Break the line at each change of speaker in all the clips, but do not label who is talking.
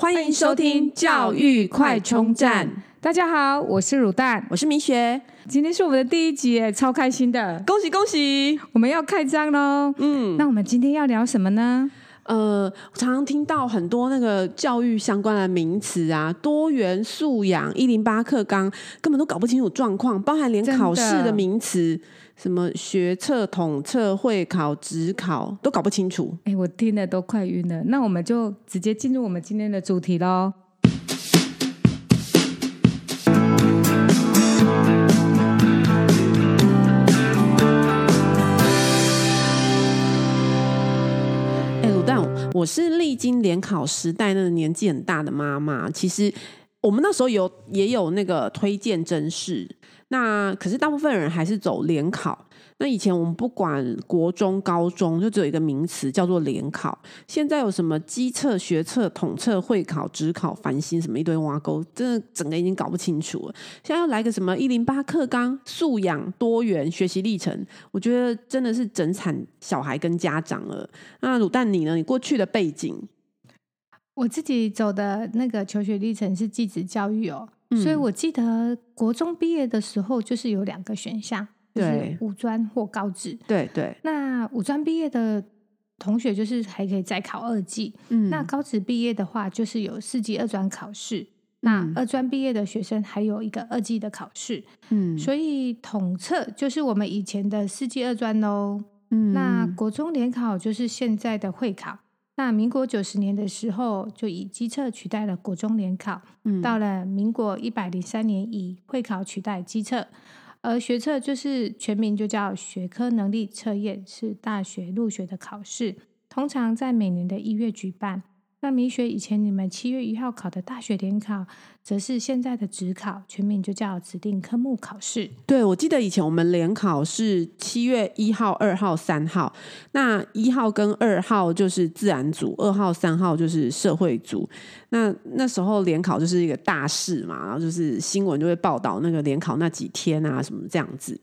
歡迎收聽教育快充站。大家好，我是滷蛋，我是明學。今天是我們的第一集耶，超開心的，恭喜恭喜！我們要開張嘍。嗯，那我們今天要聊什麼呢？呃，常常聽到很多那
個教育相關的名詞啊，多元素養、一零八課綱，根本都搞不清楚狀況，包含連考試的名詞，什麼學測、統測、
會考、指考，都搞不清楚。哎、欸，我聽得都快暈了。那我們就直接進入我們今天的主題咯。
我是歷經聯考時代那個年紀很大的媽媽，其實我們那時候有也有那個推薦甄試，那可是大部分人還是走聯考。那以前我們不管國中、高中，就只有一個名詞叫做聯考。現在有什麼基測、學測、統測、會考、指考、繁星什麼一堆挖溝，真的整個已經搞不清楚了。現在要來個什麼一零八課綱、素養、多元學習歷程，我覺得真的是整慘小孩跟家長了。那滷蛋你呢？你過去的背景？
我自己走的那個求學歷程是寄宿教育哦、嗯，所以我記得國中畢業的時候就是有兩個選項。對、就是、五專或高職，對對。那五專畢業的同學，就是還可以再考二技。嗯，那高職畢業的話，就是有四技二專考試。嗯、那二專畢業的學生，還有一個二技的考試。嗯，所以統測就是我們以前的四技二專嘍、哦。嗯，那國中聯考就是現在的會考。那民國九十年的時候，就以基測取代了國中聯考。嗯、到了民國一百零三年，以會考取代基測。而學測就是全名就叫學科能力測驗，是大學入學的考試，通常在每年的一月舉辦。那米雪以前你們七月一號考的大學聯考，則是現在的指考，全名就叫指定科目考試。
對，我記得以前我們聯考是七月一號、二號、三號，那一號跟二號就是自然組，二號三號就是社會組。那那時候聯考就是一個大事嘛，然後就是新聞就會報道那個聯考那幾天啊，什麼這樣子。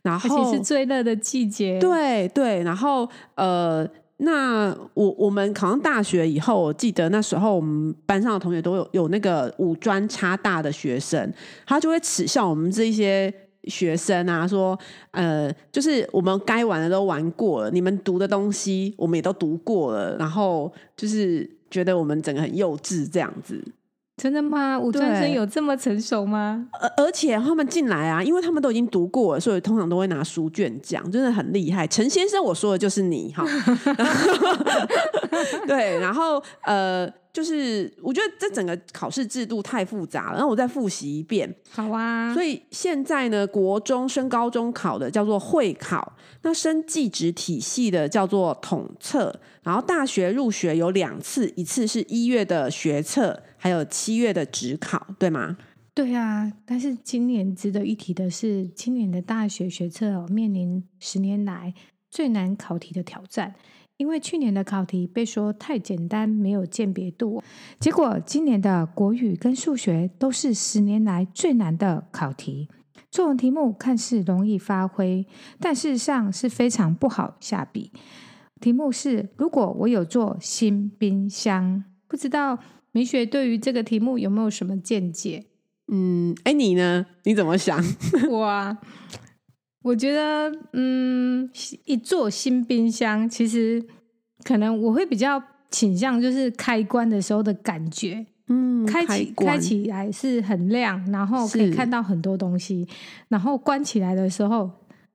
然後而且是
最熱的季節，對
對，然後呃。那我我們考上大學以後，我記得那時候我們班上的同學都有有那個五專插大的學生，他就會恥笑我們這一些學生啊，說呃，就是我們該玩的都玩過了，你們讀的東西我們也都讀過了，然後就是覺得我們整個很幼稚這樣子。
真的嗎？五專生有這麼成熟嗎？而、呃、而且
他們進來啊，因為他們都已經讀過了，所以通常都會拿書卷講，真的很厲害。陳先生，我說的就是你哈。 然後 對，然後呃。就是我覺得這整個考試制度，太複雜了，那我再複習一遍。好啊，所以現在呢，國中升高中考的叫做會考，那升技職體系的叫做統測，然後大學入學有兩次，一次是一月的學測，還有七月的指考，對嗎？
對啊，但是今年值得一提的是，今年的大學學測哦，面臨十年來最難考題的挑戰。因為去年的考題被說太簡單，沒有鑑別度，結果今年的國語跟數學都是十年來最難的考題。作文題目看似容易發揮，但事實上是非常不好下筆。題目是：如果我有座新冰箱，不知道米學對於這個題目有沒有什麼見解？
嗯，哎，你呢？你怎麼想？
我啊。我覺得，嗯，一座新冰箱，其實可能我會比較傾向就是開關的時候的感覺，嗯，開起開，開起來是很亮，然後可以看到很多東西，然後關起來的時候，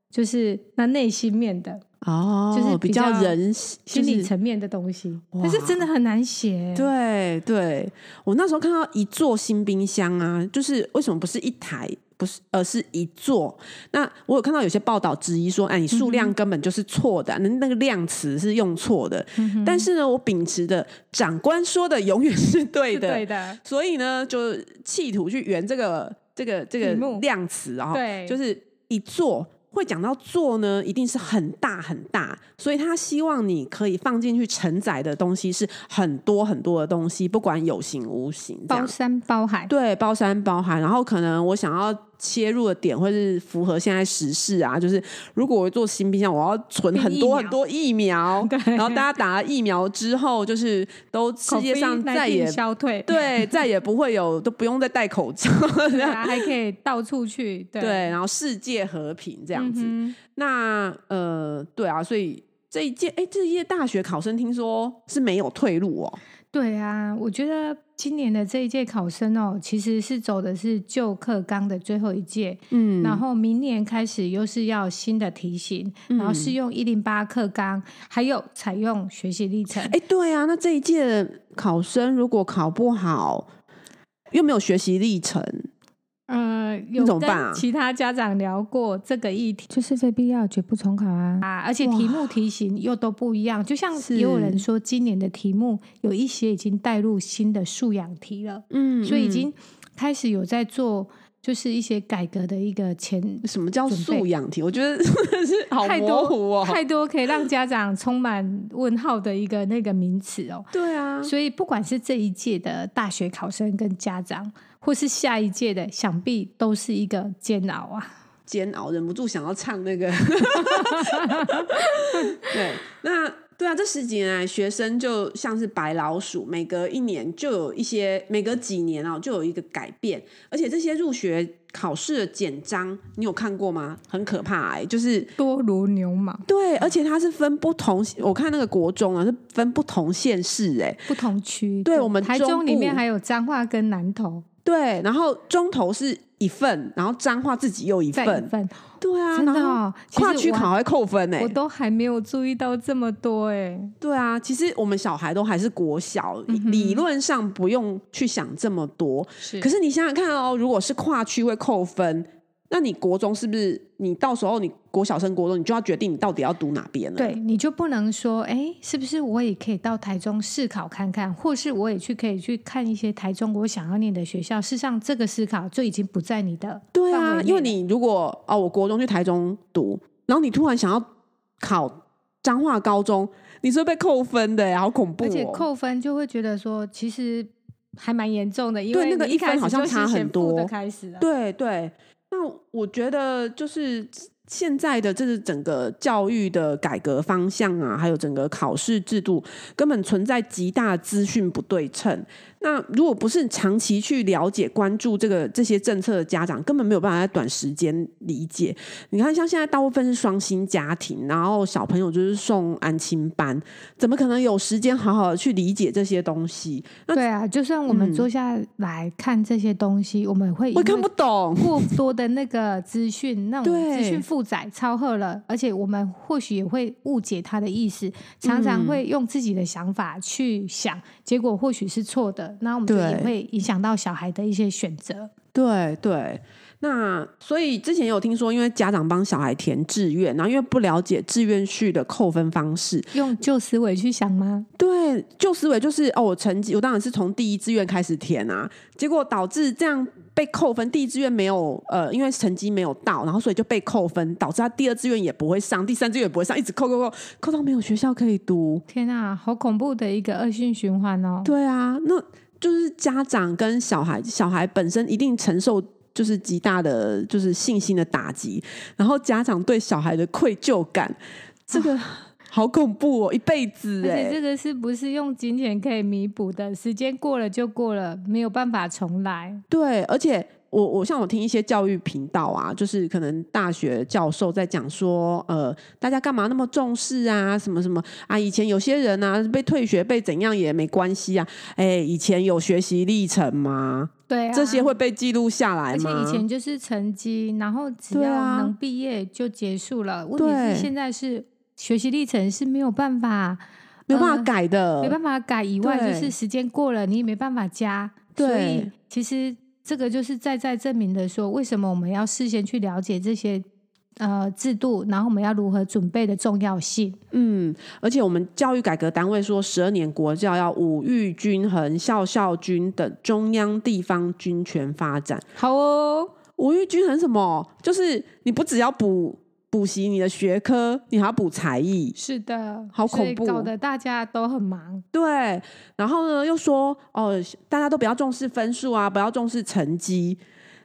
就是那內心面的。哦，就是比較人比較心理層面的東西、就是，但是真的很難寫。對
對，我那時候看到一座新冰箱啊，就是為什麼不是一台，不是，而是一座？那我有看到有些報道質疑說，哎，你數量根本就是錯的、啊，那、嗯、那個量詞是用錯的、嗯。但是呢，我秉持的長官說的永遠是對的，是對的。所以呢，就企圖去圓這個這個這個量詞、哦，啊對，就是一座。會講到做呢，一定是很大很大，所以他希望你可以放進去承載的東西是很多很多的東西，不管有形無形的，包山包海，對，包山包海，然後可能我想要。切入的點或是符合現在時事啊，就是如果我做新冰箱，我要存很多很多疫苗、疫苗，然後大家打了疫苗之後，就是都世界上再也消退對，對，再也不會有，都不用再戴口罩，對，還可以到處
去對，對，然
後世界和平這樣子。嗯、那呃，對啊，所以這一屆，哎、欸，這一屆大學考生聽說是沒有退路哦。
對啊，我覺得。今年的這一屆考生哦，其實是走的是舊課綱的最後一屆，嗯，然後明年開始又是要新的題型，嗯，然後是用一零八課綱，還有採用學習歷程。
哎、欸，對啊，那這一屆考生如果考不好，又沒有學習歷程。
呃、啊，有跟其他家長聊過這個議題，就是非必要絕不重考啊啊！而且題目題型又都不一樣，就像是，是也有人說今年的題目有一些已經帶入新的素養題了，嗯，嗯，所以已經開始有在做就是一些改革的一個前什麼叫素養題？我覺得是、哦、好模糊哦，太多可以讓家長充滿問號的一個那個名詞哦，對啊，所以不管是這一屆的大學考生跟家長。或是下一屆的，想必都是一個煎熬啊，
煎熬，忍不
住想要唱那個。
對，那對啊，這十幾年來，學生就像是白老鼠，每隔一年就有一些，每隔幾年啊、喔、就有一個改變，而且這些入學考試的簡章，你有看過嗎？很可怕哎、欸，
就是多如牛毛。對，而且它是
分不同，我看那個國中啊是分不同縣市、欸，哎，不同區。對，我們中部，台中裡面還
有彰化跟南投。
對，然後中投是一份，然後彰化自己又一份，一份
對啊，然後、哦、跨區考會扣分哎、欸，我都還沒有注意到這麼多哎、
欸，對啊，其實我們小孩都還是國小，嗯、理論上不用去想這麼多，可是你想想看哦，如果是跨區會扣分。那你國中是不是你到時候你國小升國中，你就要決定你到底要讀哪邊了？
對，你就不能說哎、欸，是不是我也可以到台中試考看看，或是我也去可以去看一些台中我想要念的學校？事實上，這個思考就已經不在你的
對啊，因為你如果啊、哦，我國中去台中讀，然後你突然想要考彰化高中，你是會被扣分的呀、欸，好恐怖、哦！而且扣
分就會覺得說，其實還蠻嚴重的，因為開始開始那個一分好像差很多開始，對對。那
我覺得就是。現在的這是整個教育的改革方向啊，還有整個考試制度，根本存在極大的資訊不對稱。那如果不是長期去了解、關注這個這些政策的家長，根本沒有辦法在短時間理解。你看，像現在大部分是雙薪家庭，然後小朋友就是送安親班，怎麼可能有時間好好的去理解這些東西？
那對啊，就算我們坐下來、嗯、看這些東西，我們也會我也看不懂過多的那個資訊。那我們負載超荷了，而且我們或許也會誤解他的意思，常常會用自己的想法去想，嗯、結果或許是錯的。那我們也會影響到小孩的一些選擇。
對對。那所以之前有聽說，因為家長幫小孩填志願，然後因為不了解志願序的扣
分方式，用舊思維去想嗎？
對，舊思維就是哦，我成績我當然是從第一志願開始填啊，結果導致這樣被扣分，第一志願沒有呃，因為成績沒有到，然後所以就被扣分，導致他第二志願也不會上，第三志願也不會上，一直扣扣扣，
扣到沒有學校可以讀。天啊，好恐怖的一個惡性循環哦！對啊，那
就是家長跟小孩，小孩本身一定承受。就是極大的，就是信心的打擊，然後家長對小孩的愧疚感，這個、啊、好恐怖哦，一輩子。而且這個
是不是用金錢可以彌補的？時間過了就過了，沒有辦法重來。
對，而且我我像我聽一些教育頻道啊，就是可能大學教授在講說，呃，大家幹嘛那麼重視啊？什麼什麼啊？以前有些人啊被退學被怎樣也沒關係啊？哎、欸，以前有學習歷程嗎？對啊，這些會被記錄下來。而且以前
就是成績，然後只要能畢業就結束了、啊。問題是現在是學習歷程是沒有辦法，沒辦法改的，呃，沒辦法改以外，就是時間過了，你也沒辦法加，對。所以其實這個就是在在證明的說，為什麼我們要事先去了解這些。呃，制度，然後我們要如何準備的重要性。嗯，
而且我們教育改革單位說，十二年國教要五育均衡、校校均等、中央地方均權發展。好哦，五育均衡什麼？就是你不只要補補習你的學科，你還要補才藝。
是的，好恐怖，是搞得大家都很忙。
對，然後呢，又說哦、呃，大家都不要重視分數啊，不要重視成績。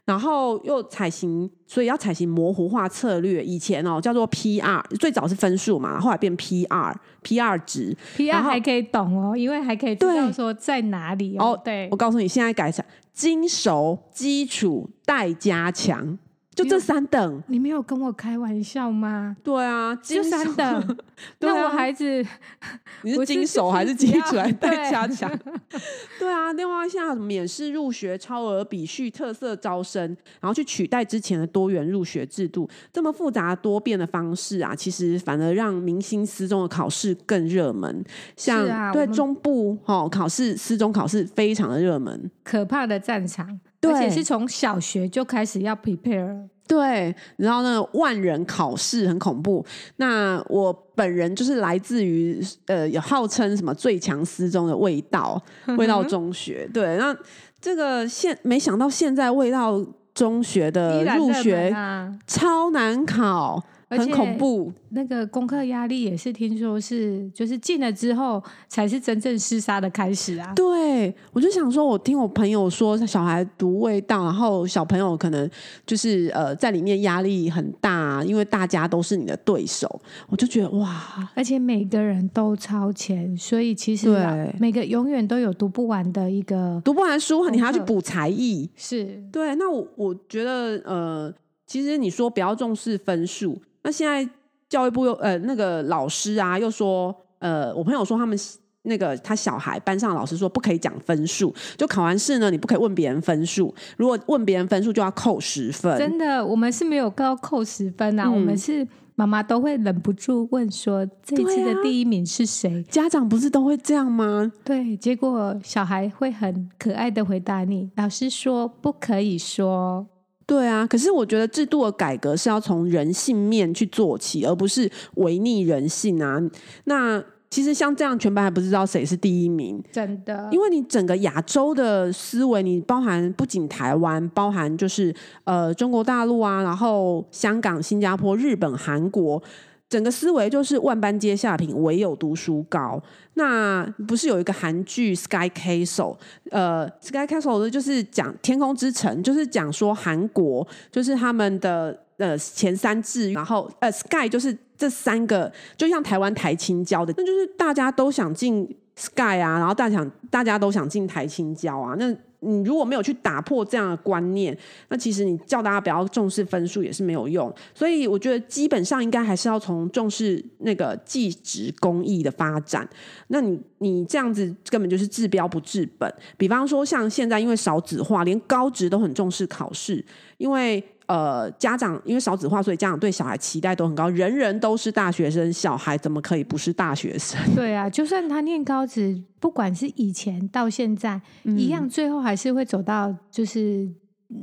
然後又採行，所以要採行模糊化策略。以前哦叫做 P R，最早是分數嘛，後來變 P R P R 值，P R 還
可以懂哦，因為還可以知道說在哪裡哦。對，哦、對，我
告訴你，現在改成精熟、基礎、待加強。
就這三等，你沒有跟我開玩笑嗎？對啊，就三等。三等 對、啊、我孩子，
你是金手還是金手來加強？ 對， 對啊，另外像免試入學、超額比序、特色招生，然後去取代之前的多元入學制度，這麼複雜多變的方式啊，其實反而讓明星私中的考試更熱門。像、啊、對中部哦，考試私中考試非常的熱門，
可怕的戰場。對，而且是從小學就開始要 prepare，
對，然後呢，萬人考試很恐怖。那我本人就是來自於呃，有號稱什麼最強私中的味道味道中學， 對，那這個現沒想到現在味道中學的入學、啊、
超難考。很恐怖，那個功課壓力也是，聽說是就是進了之後才是真正廝殺的開始啊。對，我
就想說，我聽我朋友說，小孩讀未到，然後小朋友可能就是呃，在裡面壓力很大，因為大家都是你的對手。
我就覺得哇，而且每個人都超前，所以其實每個永遠都有讀不完的一個讀不
完書，你還要去補才藝，是對。那我我覺得呃，其實你說不要重視分數。那現在教育部又呃那個老師啊又說，呃我朋友說他們那個他小孩班上老師說不可以講分數，就考完試呢，你不可以問別人分數，如果問別人分數就要扣十分。真
的，我們是沒有要扣十分啊、嗯，我們是媽媽都會忍不住問說這次的第一名是誰、啊，家長不是都會這樣嗎？對，結果小孩會很可愛的回答你，老師說不可以說。對啊，可是我覺得
制度的改革是要從人性面去做起，而不是違逆人性啊。那其實像這樣，全班還不知道誰是第一名，
真的。因為
你整個亞洲的思維，你包含不僅台灣，包含就是呃中國大陸啊，然後香港、新加坡、日本、韓國，整個思維就是萬般皆下品，唯有讀書高。那不是有一個韓劇 Sky Castle,、呃《Sky Castle》？呃，《Sky Castle》的就是講天空之城，就是講說韓國就是他們的呃前三字。然後、呃、Sky 就是這三個，就像台灣台清交的，那就是大家都想進 Sky 啊，然後大想大家都想進台清交啊，那。你如果沒有去打破這樣的觀念，那其實你叫大家不要重視分數也是沒有用。所以我覺得基本上應該還是要從重視那個技職工藝的發展。那你你這樣子根本就是治標不治本。比方說像現在因為少子化，連高職都很重視考試，因為。呃，家長因為少子化，所以家長對小孩期待都很高。人人都是大學生，小孩怎麼可以不是大學生？
對啊，就算他念高職，不管是以前到現在、嗯、一樣，最後還是會走到就是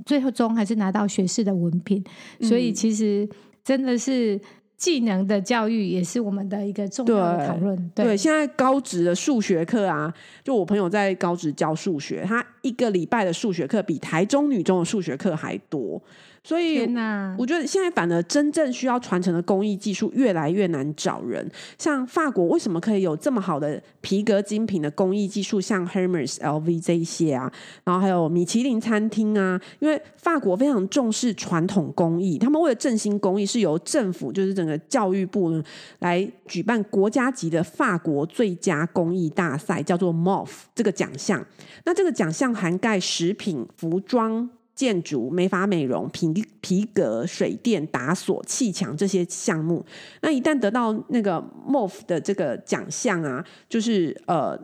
最後終還是拿到學士的文憑、嗯。所以其實真的是技能的教育也是我們的一個重要的討論，對，對。對，
現在高職的數學課啊，就我朋友在高職教數學，他一個禮拜的數學課比台中女中的數學課還多。所以，我覺得現在反而真正需要傳承的工藝技術越來越難找人。像法國為什麼可以有這麼好的皮革精品的工藝技術，像 Hermès LV 這一些啊，然後還有米其林餐廳啊，因為法國非常重視傳統工藝，他們為了振興工藝，是由政府就是整個教育部呢來舉辦國家級的法國最佳工藝大賽，叫做 MOF 這個獎項。那這個獎項涵蓋食品、服裝。建築、美髮、美容、皮皮革、水電、打鎖、砌牆這些項目，那一旦得到那個莫夫的這個獎項啊，就是呃，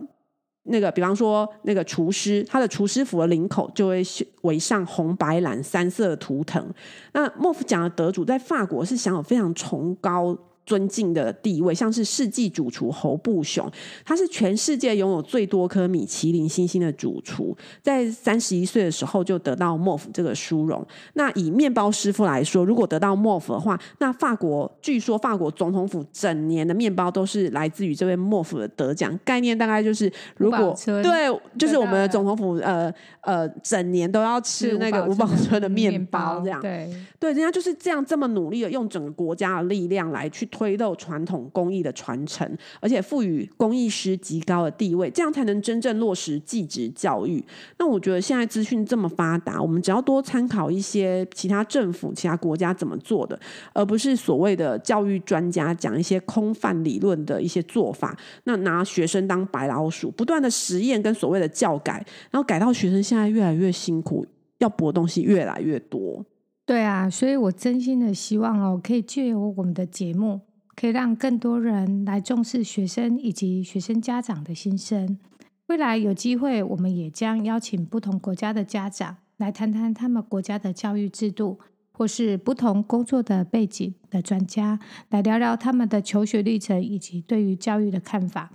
那個比方說那個廚師，他的廚師服的領口就會圍上紅、白、藍三色圖騰。那莫夫獎的得主在法國是享有非常崇高。尊敬的地位，像是世紀主廚侯布雄，他是全世界擁有最多顆米其林星星的主廚，在三十一歲的時候就得到莫府這個殊榮。那以面包師傅來說，如果得到莫府的話，那法國據說法國總統府整年的面包都是來自於這位莫府的得獎概念，大概就是如果對，就是我們總統府呃呃整年都要吃那個吳寶春的面包這樣，嗯、對對，人家就是這樣這麼努力的用整個國家的力量來去，推動傳統工藝的傳承，而且賦予工藝師極高的地位，這樣才能真正落實技職教育。那我覺得現在資訊這麼發達，我們只要多參考一些其他政府、其他國家怎麼做的，而不是所謂的教育專家講一些空泛理論的一些做法。那拿學生當白老鼠，不斷的實驗跟所謂的教改，然後改到學生現在越來越辛苦，要背的東西越來越多。
對啊，所以我真心的希望哦，可以借由我們的節目。可以讓更多人來重視學生以及學生家長的心聲。未來有機會，我們也將邀請不同國家的家長來談談他們國家的教育制度，或是不同工作的背景的專家來聊聊他們的求學歷程以及對於教育的看法。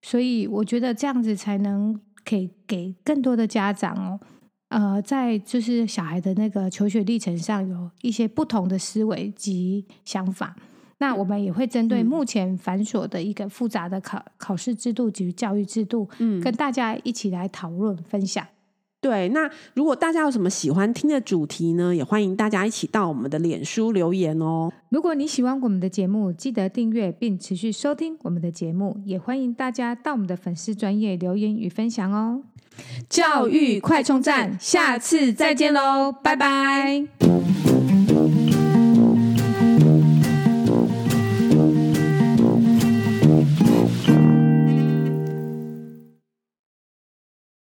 所以，我覺得這樣子才能可以給更多的家長哦，呃，在就是小孩的那個求學歷程上有一些不同的思維及想法。那我們也會針對目前繁瑣的一個複雜的考、嗯、考試制度及教育制度，嗯，跟大家一起來討論分享。
對，那如果大家有什麼喜歡聽的主題呢，也歡迎大家一起到我們的臉書留言哦。
如果你喜歡我們的節目，記得訂閱並持續收聽我們的節目，也歡迎大家到我們的粉絲專頁留言與分享哦。教育快充站，下次再見嘍，拜拜。嗯